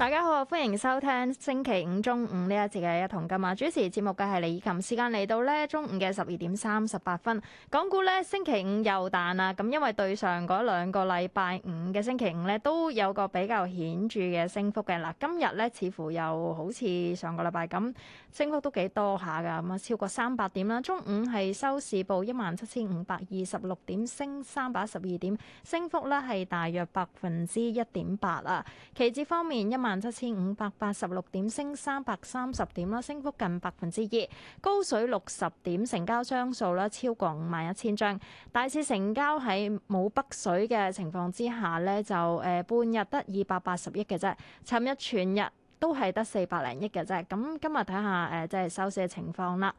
大家好，歡迎收聽星期五中午呢一節嘅一同今啊！主持節目嘅係李琴，時間嚟到咧中午嘅十二點三十八分。港股咧星期五又彈啊！咁因為對上嗰兩個禮拜五嘅星期五咧都有個比較顯著嘅升幅嘅嗱，今日咧似乎又好似上個禮拜咁，升幅都幾多下噶，咁、嗯、啊超過三百點啦。中午係收市報一萬七千五百二十六點，升三百十二點，升幅咧係大約百分之一點八啊。期指方面，一萬。萬七千五百八十六點，升三百三十點啦，升幅近百分之二，高水六十點，成交張數啦超過五萬一千張。大市成交喺冇北水嘅情況之下呢就誒半日得二百八十億嘅啫。尋日全日都係得四百零億嘅啫。咁今日睇下誒即係收市嘅情況啦。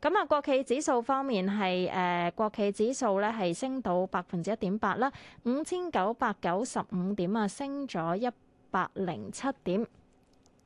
咁啊，國企指數方面係誒國企指數咧係升到百分之一點八啦，五千九百九十五點啊，升咗一。百零七點。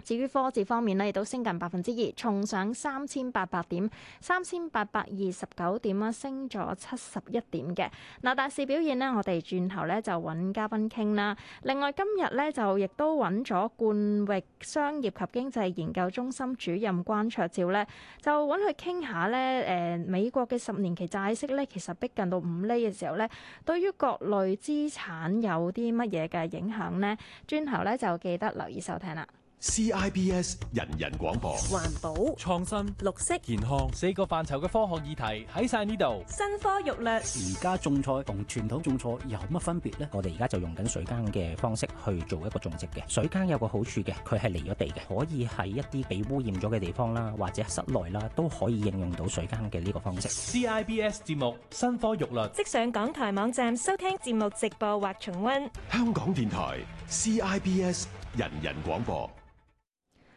至於科技方面咧，亦都升近百分之二，重上三千八百點，三千八百二十九點啦，升咗七十一點嘅嗱。那大市表現呢，我哋轉頭咧就揾嘉賓傾啦。另外今日咧就亦都揾咗冠域商業及經濟研究中心主任關卓照咧，就揾佢傾下咧。誒、呃、美國嘅十年期債息咧，其實逼近到五厘嘅時候咧，對於各類資產有啲乜嘢嘅影響呢？轉頭咧就記得留意收聽啦。CIBS 人人廣播，環保創新、綠色健康四個範疇嘅科學議題喺晒呢度。新科玉律，而家種菜同傳統種菜有乜分別呢？我哋而家就用緊水耕嘅方式去做一個種植嘅，水耕有個好處嘅，佢係離咗地嘅，可以喺一啲被污染咗嘅地方啦，或者室內啦，都可以應用到水耕嘅呢個方式。CIBS 節目新科玉律，即上港台網站收聽節目直播或重溫香港電台 CIBS 人人廣播。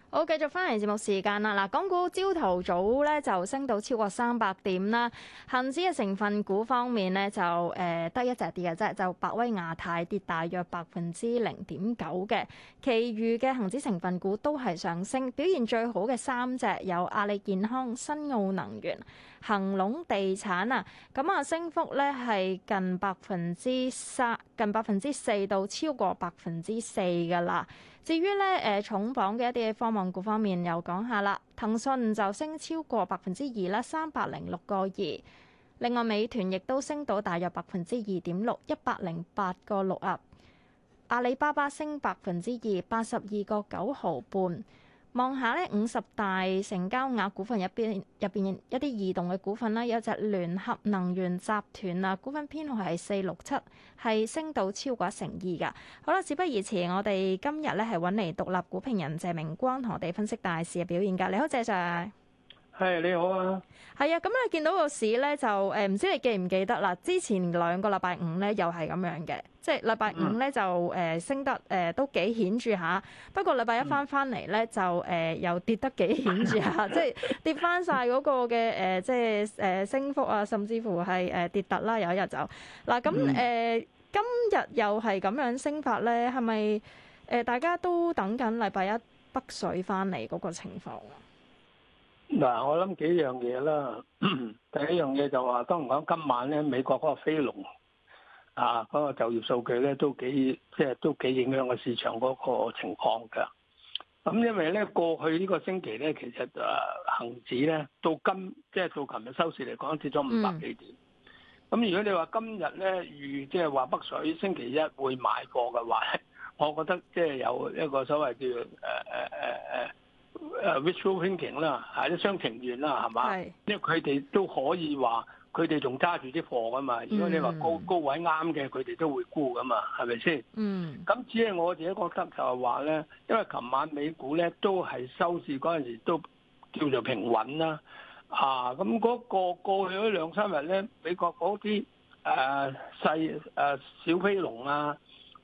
好，繼續翻嚟節目時間啦！嗱，港股朝頭早咧就升到超過三百點啦。恒指嘅成分股方面咧就誒得一隻跌嘅啫，就百威亞太跌大約百分之零點九嘅，其餘嘅恒指成分股都係上升，表現最好嘅三隻有阿里健康、新奧能源。恒隆地產啊，咁啊升幅咧係近百分之三，近百分之四到超過百分之四嘅啦。至於咧誒、呃、重磅嘅一啲科網股方面又講下啦，騰訊就升超過百分之二啦，三百零六個二。另外，美團亦都升到大約百分之二點六，一百零八個六啊。阿里巴巴升百分之二，八十二個九毫半。望下咧五十大成交額股份入邊，入邊一啲異動嘅股份啦，有隻聯合能源集團啊，股份編號係四六七，係升到超過一成二㗎。好啦，事不宜遲，我哋今日咧係搵嚟獨立股評人謝明光同我哋分析大市嘅表現㗎。你好，謝 Sir 係、hey, 你好啊，係啊，咁你見到個市咧就誒，唔知你記唔記得啦？之前兩個禮拜五咧又係咁樣嘅，即係禮拜五咧就誒升得誒都幾顯著下，不過禮拜一翻翻嚟咧就誒、呃、又跌得幾顯著下、 呃，即係跌翻晒嗰個嘅誒，即係誒升幅啊，甚至乎係誒跌突啦。有一日就嗱咁誒，今日又係咁樣升法咧，係咪誒大家都等緊禮拜一北水翻嚟嗰個情況啊？嗱、啊，我諗幾樣嘢啦。第一樣嘢就話、是，當然講今晚咧，美國嗰個飛龍啊，嗰、嗰個就業數據咧都幾，即係都幾影響個市場嗰個情況嘅。咁因為咧，過去呢個星期咧，其實誒恆、啊、指咧到今，即係到琴日收市嚟講跌咗五百幾點。咁、嗯、如果你話今日咧如即係話北水星期一會買過嘅話咧，我覺得即係有一個所謂叫誒誒誒誒。呃呃呃呃誒 virtual banking 啦，係啲雙情願啦，係嘛？是因為佢哋都可以話，佢哋仲揸住啲貨噶嘛。如果你話高高位啱嘅，佢哋、mm. 都會沽噶嘛，係咪先？嗯，咁只係我自己覺得就係話咧，因為琴晚美股咧都係收市嗰陣時都叫做平穩啦。啊，咁、那、嗰個過去咗兩三日咧，美國嗰啲誒細誒、呃、小飛龍啊，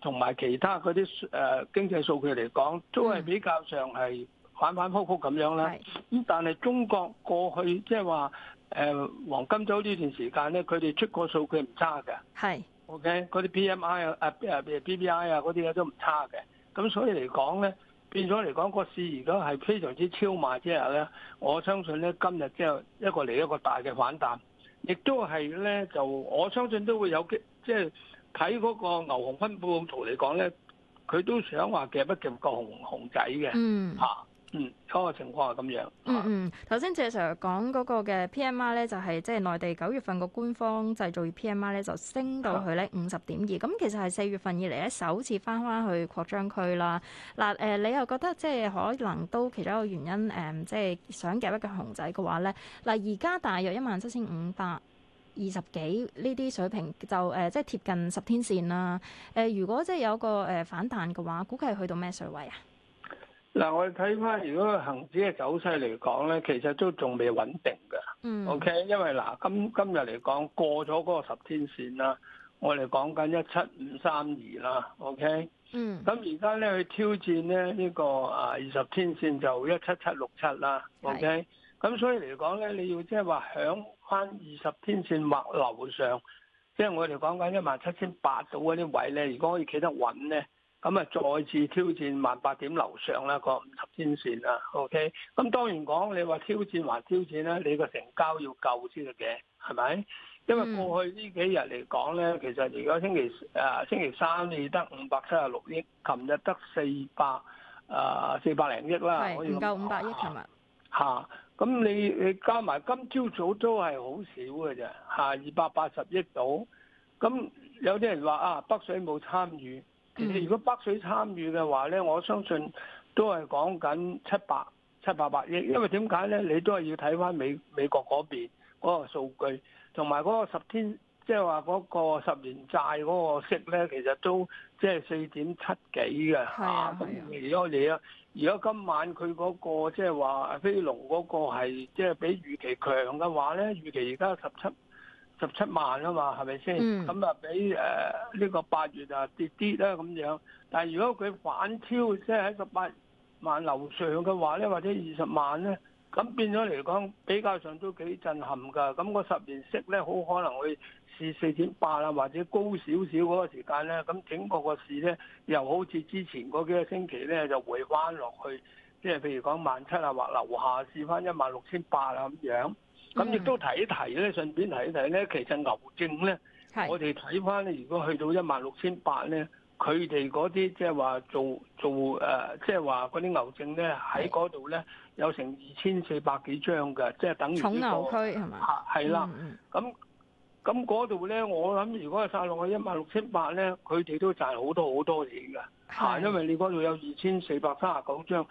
同埋其他嗰啲誒經濟數據嚟講，都係比較上係，反反覆覆咁樣啦，咁是但係中國過去即係話誒黃金周呢段時間咧，佢哋出個數據唔差嘅，係是 OK 嗰啲 PMI 啊、誒誒 PPI 啊嗰啲咧都唔差嘅，咁所以嚟講咧，變咗嚟講個市而家係非常之超賣之後咧，我相信咧今日之後一個嚟一個大嘅反彈，亦都係咧就我相信都會有即係睇嗰個牛熊分佈圖嚟講咧，佢都想話極不極個熊熊仔嘅，嗯嚇。嗯，嗰個情況係咁樣。嗯嗯，頭、嗯、先謝 Sir 講嗰個嘅 PMI 咧，就係即係內地九月份個官方製造業 PMI 咧，就升到去咧五十點二。咁、嗯、其實係四月份以嚟咧首次翻翻去擴張區啦。嗱誒、呃，你又覺得即係可能都其中一個原因誒，即、嗯、係、就是、想夾一個紅仔嘅話咧，嗱而家大約一萬七千五百二十幾呢啲水平就誒，即、呃、係、就是、貼近十天線啦。誒、呃，如果即係有個誒反彈嘅話，估計係去到咩水位啊？嗱，我哋睇翻如果個恆指嘅走勢嚟講咧，其實都仲未穩定嘅。嗯。OK，因為嗱，今今日嚟講過咗嗰個十天線啦，我哋講緊一七五三二啦。O K。嗯。咁而家咧去挑戰咧呢個啊二十天線就一七七六七啦。OK 是。咁所以嚟講咧，你要即係話響翻二十天線或樓上，即係我哋講緊一萬七千八到嗰啲位咧，如果可以企得穩咧。咁啊，再次挑戰萬八點樓上啦，個五十天線啦，OK。咁當然講，你話挑戰還挑戰啦，你個成交要夠先得嘅，係咪？因為過去呢幾日嚟講咧，嗯、其實如果星期啊、呃、星期三你得五百七十六億，琴日得四百啊四百零億啦，唔夠五百億。琴日吓，咁你你加埋今朝早都係好少嘅啫，吓二百八十億到。咁有啲人話啊，北水冇參與。嗯、如果北水參與嘅話咧，我相信都係講緊七百七百八億，因為點解咧？你都係要睇翻美美國嗰邊嗰、嗰個數據，同埋嗰個十天，即係話嗰個十年債嗰個息咧，其實都即係四點七幾嘅，嚇咁幾多嘢啊？如果今晚佢嗰、嗰個即係話飛龍嗰個係即係比預期強嘅話咧，預期而家十七。十七萬啊嘛，係咪先？咁啊，俾誒呢個八月啊跌啲啦咁樣。但係如果佢反超，即係喺十八萬樓上嘅話咧，或者二十萬咧，咁變咗嚟講比較上都幾震撼㗎。咁個十年息咧，好可能會試四點八啊，或者高少少嗰個時間咧。咁整個個市咧，又好似之前嗰幾個星期咧，就回返落去，即係譬如講萬七啊，或樓下試翻一萬六千八啊咁樣。咁亦、嗯、都提一提咧，順便提一提咧，其實牛證咧，是我哋睇翻，如果去到一萬六千八咧，佢哋嗰啲即係話做做誒，即係話嗰啲牛證咧喺嗰度咧，有成二千四百幾張嘅，即係等於、那個、重牛區係咪？係、啊、啦，咁咁嗰度咧，我諗如果殺落去一萬六千八咧，佢哋都賺好多好多錢㗎，嚇是！因為你嗰度有二千四百三十九張誒、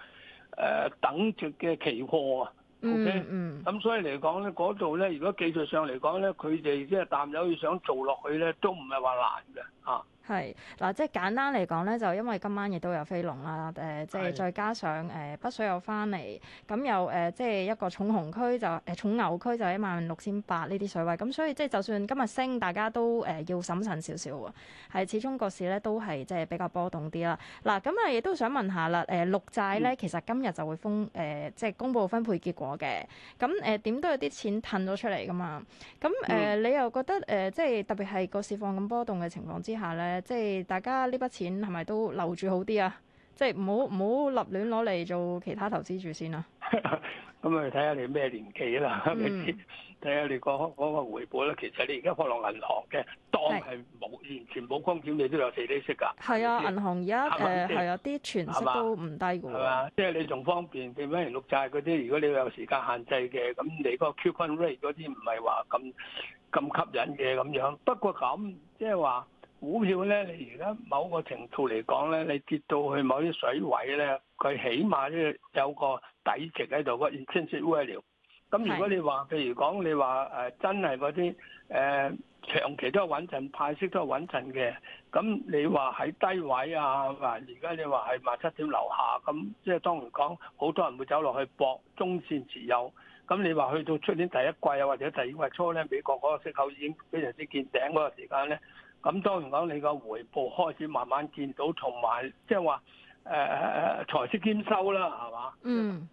呃、等值嘅期貨啊！O.K.，咁所以嚟講咧，嗰度咧，如果技術上嚟講咧，佢哋即係淡友要想做落去咧，都唔係話難嘅，啊。係嗱，即係簡單嚟講咧，就因為今晚亦都有飛龍啦，誒、呃，即係再加上誒、呃、北水又翻嚟，咁又誒，即係一個重紅區就誒、呃、重牛區就一萬六千八呢啲水位，咁所以即係就算今日升，大家都誒、呃、要審慎少少喎。係，始終個市咧都係即係比較波動啲啦。嗱，咁啊亦都想問下啦，誒、呃、六債咧其實今日就會封誒、呃，即係公布分配結果嘅。咁誒點都有啲錢褪咗出嚟㗎嘛。咁誒、呃嗯、你又覺得誒、呃，即係特別係個市況咁波動嘅情況之下咧？誒，即係大家呢筆錢係咪都留住好啲啊？即係唔好唔好立亂攞嚟做其他投資住先啊。咁啊，睇下你咩年紀啦，睇下、嗯、你嗰嗰個回報咧。其實你而家放落銀行嘅，當係冇的完全冇風險，你都有四厘息㗎。係啊的，銀行而家誒係啊，啲存息都唔低㗎。係嘛？即係你仲方便，幾蚊零六債嗰啲，如果你有時間限制嘅，咁你嗰個 coupon rate 嗰啲唔係話咁咁吸引嘅咁樣。不過咁即係話。即係股票咧，你而家某個程度嚟講咧，你跌到去某啲水位咧，佢起碼咧有個底值喺度，嗰二千四個點。咁如果你話譬如講，你話誒真係嗰啲誒長期都係穩陣，派息都係穩陣嘅，咁你話喺低位啊，話而家你話係萬七點樓下，咁即係當然講，好多人會走落去搏中線持有。咁你話去到出年第一季啊，或者第二季初咧，美國嗰個息口已經非常之見頂嗰個時間咧。咁當然講你個回報開始慢慢見到，同埋即係話誒財色兼收啦，係嘛？嗯。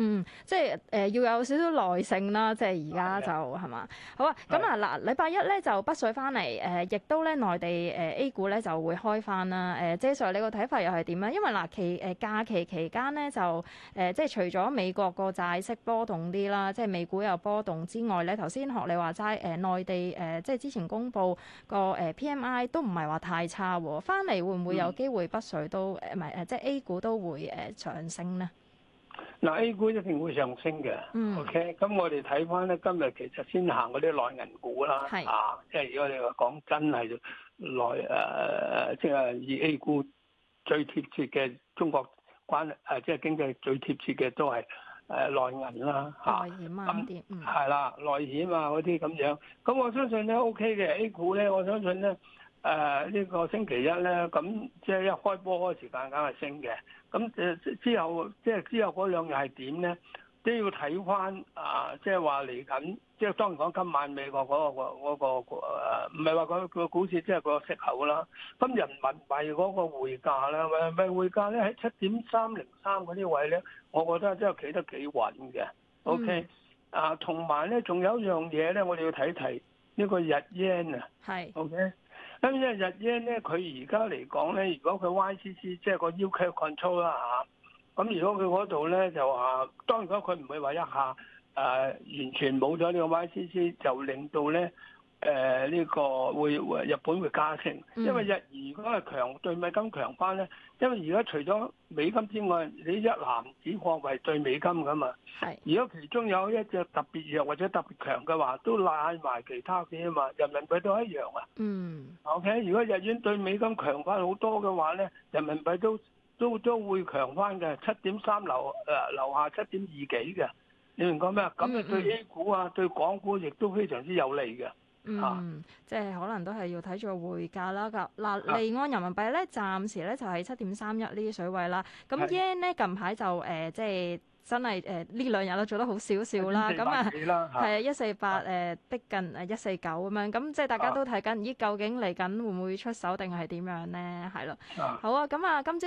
嗯，即係誒、呃，要有少少耐性啦。即係而家就係嘛的，好啊。咁啊嗱，禮拜一咧就北水翻嚟，誒、呃，亦都咧內地誒、呃、A 股咧就會開翻啦。誒、呃，即係所以你個睇法又係點咧？因為嗱期誒、呃、假期期間咧就誒、呃，即係除咗美國個債息波動啲啦，即係美股又波，波動之外咧，頭先學你話齋誒，內地誒、呃，即係之前公布個誒、呃、P M I 都唔係話太差喎。翻嚟會唔會有機會北水都誒，唔係誒，即係 A 股都會誒上升咧？嗱 A 股一定會上升嘅、嗯、，OK，咁我哋睇翻咧，今日其實先行嗰啲內銀股啦，是啊，即係如果你話講真係內誒、呃，即係以 A 股最貼切嘅中國關誒、啊，即係經濟最貼切嘅都係誒、呃、內銀啦嚇，內險啲，係啦，內險啊嗰啲咁樣，咁我相信咧 OK 嘅 A 股咧，我相信咧。誒呢個星期一咧，咁即係一開波嗰時間，梗係升嘅。咁誒之後，即係之後嗰兩日係點咧？都要睇翻啊！即係話嚟緊，即係當然講今晚美國嗰個嗰個誒，唔係話個股市即係個息口啦。咁人民幣嗰個匯價咧，咪匯價咧喺七點三零三嗰啲位咧，我覺得即係企得幾穩嘅。OK，啊，同埋咧，仲有一樣嘢咧，我哋要睇睇呢個日 yen 啊。係。OK。咁因為日英咧，佢而家嚟講咧，如果佢 YCC 即係個 UK control 啦、啊、吓，咁如果佢嗰度咧就話，當然佢唔會話一下誒、啊、完全冇咗呢個 YCC，就令到咧。誒呢、呃呢個會日本會加息，因為日元如果係強對美金強翻咧，因為而家除咗美金之外，你一籃子國家係對美金噶嘛，是如果其中有一隻特別弱或者特別強嘅話，都拉埋其他嘅嘛，人民幣都一樣啊。嗯，OK，如果日元對美金強翻好多嘅話咧，人民幣都都都會強翻嘅，七點三樓誒，樓、呃、下七點二幾嘅。你明講咩？咁對 A 股啊， 對港股亦都非常之有利嘅。嗯，啊、即係可能都係要睇住個匯價啦。嗱、啊，啊、離岸人民幣咧，暫時咧就係七點三一呢啲水位啦。咁 yen 咧近排就誒、呃、即係真係誒呢兩日都做得好少少啦。咁啊，係啊，一四八誒逼近誒一四九咁樣，咁即係大家都睇緊咦究竟嚟緊會唔會出手定係點樣咧？係咯。好啊，咁啊今朝。